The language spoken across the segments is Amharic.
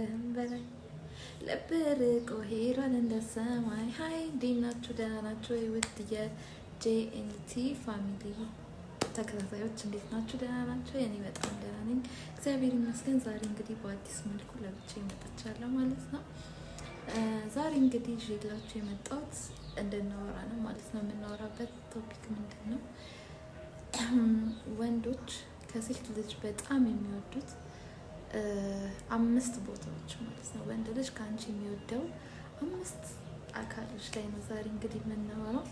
ከልብህም በላይ ልብህ ርቆ እንደ ሰማይ። ሀይ እንዴት ናችሁ? ደህና ናችሁ ወይ? ውድ የጄኤንቲ ፋሚሊ ተከታታዮች እንዴት ናችሁ? ደህና ናቸው? እኔ በጣም ደህና ነኝ እግዚአብሔር ይመስገን። ዛሬ እንግዲህ በአዲስ መልኩ ለብቻዬ መጥቻለሁ ማለት ነው። ዛሬ እንግዲህ ይዤላችሁ የመጣሁት እንድናወራ ነው ማለት ነው። የምናወራበት ቶፒክ ምንድን ነው? ወንዶች ከሴት ልጅ በጣም የሚወዱት አምስት ቦታዎች ማለት ነው። ወንድ ልጅ ከአንቺ የሚወደው አምስት አካሎች ላይ ነው ዛሬ እንግዲህ የምናወራው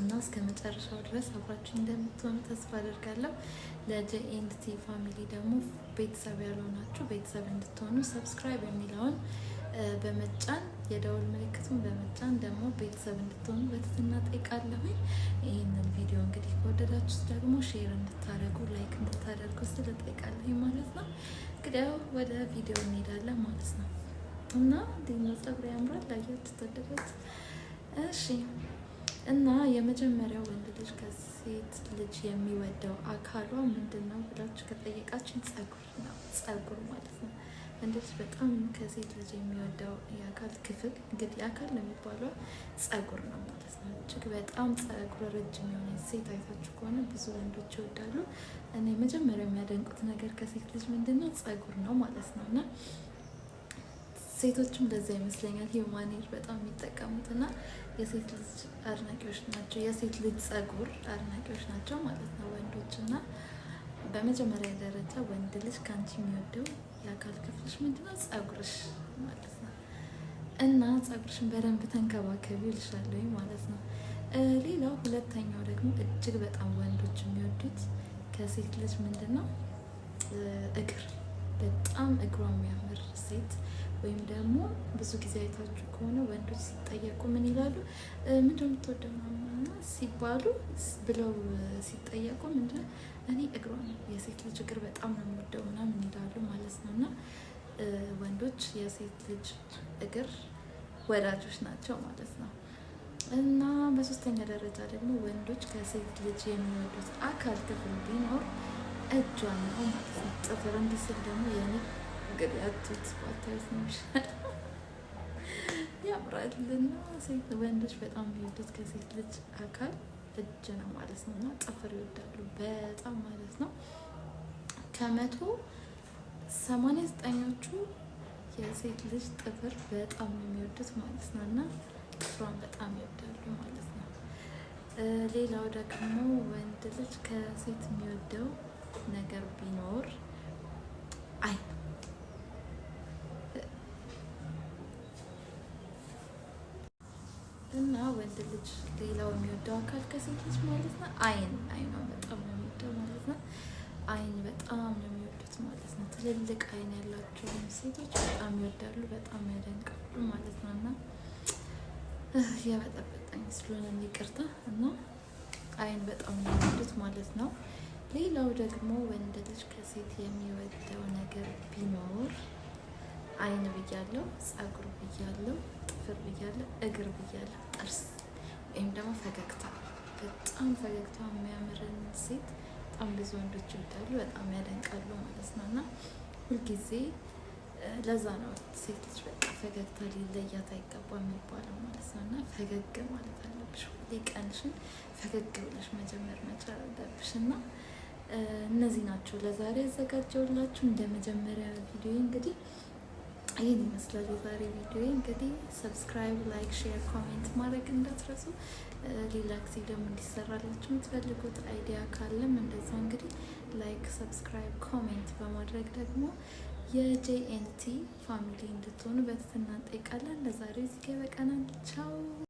እና እስከ መጨረሻው ድረስ አብራችሁ እንደምትሆኑ ተስፋ አደርጋለሁ። ለጄኤንድቲ ፋሚሊ ደግሞ ቤተሰብ ያልሆናችሁ ቤተሰብ እንድትሆኑ ሰብስክራይብ የሚለውን በመጫን የደውል ምልክቱን በመጫን ደግሞ ቤተሰብ እንድትሆኑ በትህትና ጠይቃለሁኝ። ይህንን ቪዲዮ እንግዲህ ከወደዳችሁ ደግሞ ሼር እንድታደርጉ ላይክ እንድታደርጉ ስለ ጠይቃለሁኝ ማለት ነው። እንግዲያው ወደ ቪዲዮ እንሄዳለን ማለት ነው እና ፀጉር ያምራል ላያችሁ ተደረት እሺ እና የመጀመሪያው ወንድ ልጅ ከሴት ልጅ የሚወደው አካሏ ምንድን ነው ብላችሁ ከጠየቃችን ጸጉር ነው። ፀጉር ማለት ነው እንደዚህ በጣም ከሴት ልጅ የሚወደው የአካል ክፍል እንግዲህ አካል የሚባለው ጸጉር ነው ማለት ነው። እጅግ በጣም ጸጉር ረጅም የሆነ ሴት አይታችሁ ከሆነ ብዙ ወንዶች ይወዳሉ። እኔ መጀመሪያ የሚያደንቁት ነገር ከሴት ልጅ ምንድን ነው ጸጉር ነው ማለት ነው። እና ሴቶችም ለዛ ይመስለኛል ሂውማኔር በጣም የሚጠቀሙት እና የሴት ልጅ አድናቂዎች ናቸው። የሴት ልጅ ጸጉር አድናቂዎች ናቸው ማለት ነው ወንዶች እና በመጀመሪያ ደረጃ ወንድ ልጅ ከአንቺ የሚወደው የአካል ክፍልሽ ምንድነው? ፀጉርሽ ማለት ነው። እና ፀጉርሽን በደንብ ተንከባከቢ ይልሻለኝ ማለት ነው። ሌላው ሁለተኛው ደግሞ እጅግ በጣም ወንዶች የሚወዱት ከሴት ልጅ ምንድነው እግር በጣም እግሯ የሚያምር ሴት ወይም ደግሞ ብዙ ጊዜ አይታችሁ ከሆነ ወንዶች ሲጠየቁ ምን ይላሉ? ምንድን የምትወደው ሲባሉ ብለው ሲጠየቁ ምንድን ነው እኔ እግሯ ነው የሴት ልጅ እግር በጣም ነው የምወደው ምናምን ይላሉ ማለት ነው። እና ወንዶች የሴት ልጅ እግር ወዳጆች ናቸው ማለት ነው። እና በሶስተኛ ደረጃ ደግሞ ወንዶች ከሴት ልጅ የሚወዱት አካል ክፍል ቢኖር እጇ ነው ማለት ነው። ጥፍር እንዲስል ደግሞ የኔ ግቢያቱት ባታዩት ነው ይሻላል። ያምራልና ሴት ወንዶች በጣም የሚወዱት ከሴት ልጅ አካል እጅ ነው ማለት ነው። እና ጥፍር ይወዳሉ በጣም ማለት ነው። ከመቶ ሰማንያ ዘጠኞቹ የሴት ልጅ ጥፍር በጣም የሚወዱት ማለት ነው። እና ጥፍሯን በጣም ይወዳሉ ማለት ነው። ሌላው ደግሞ ወንድ ልጅ ከሴት የሚወደው ነገር ቢኖር ሌላው የሚወደው አካል ከሴት ልጅ ማለት ነው አይን አይኗ በጣም ነው የሚወደው ማለት ነው። አይን በጣም ነው የሚወዱት ማለት ነው። ትልልቅ አይን ያላቸው ሴቶች በጣም ይወዳሉ፣ በጣም ያደንቃሉ ማለት ነው። እና የበጠበጠኝ ስለሆነ ይቅርታ እና አይን በጣም ነው የሚወዱት ማለት ነው። ሌላው ደግሞ ወንድ ልጅ ከሴት የሚወደው ነገር ቢኖር አይን ብያለው፣ ጸጉር ብያለው፣ ጥፍር ብያለው፣ እግር ብያለው፣ ጥርስ ወይም ደግሞ ፈገግታ በጣም ፈገግታ የሚያምርን ሴት በጣም ብዙ ወንዶች ይወዳሉ፣ በጣም ያደንቃሉ ማለት ነው። እና ሁልጊዜ ለዛ ነው ሴቶች በቃ ፈገግታ ሊለያት አይገባ የሚባለው ማለት ነው። እና ፈገግ ማለት አለብሽ ሁሌ ቀንሽን ፈገግ ብለሽ መጀመር መቻል አለብሽ። እና እነዚህ ናቸው ለዛሬ ያዘጋጀውላችሁ እንደ መጀመሪያ ቪዲዮ እንግዲህ ይህን ይመስላል የዛሬ ቪዲዮ። እንግዲህ ሰብስክራይብ፣ ላይክ፣ ሼር፣ ኮሜንት ማድረግ እንዳትረሱ። ሌላ ጊዜ ደግሞ እንዲሰራላችሁ የምትፈልጉት አይዲያ ካለም እንደዛ እንግዲህ ላይክ፣ ሰብስክራይብ፣ ኮሜንት በማድረግ ደግሞ የጄኤንቲ ፋሚሊ እንድትሆኑ በትህትና እንጠይቃለን። ለዛሬ እዚህ ጋ ቻው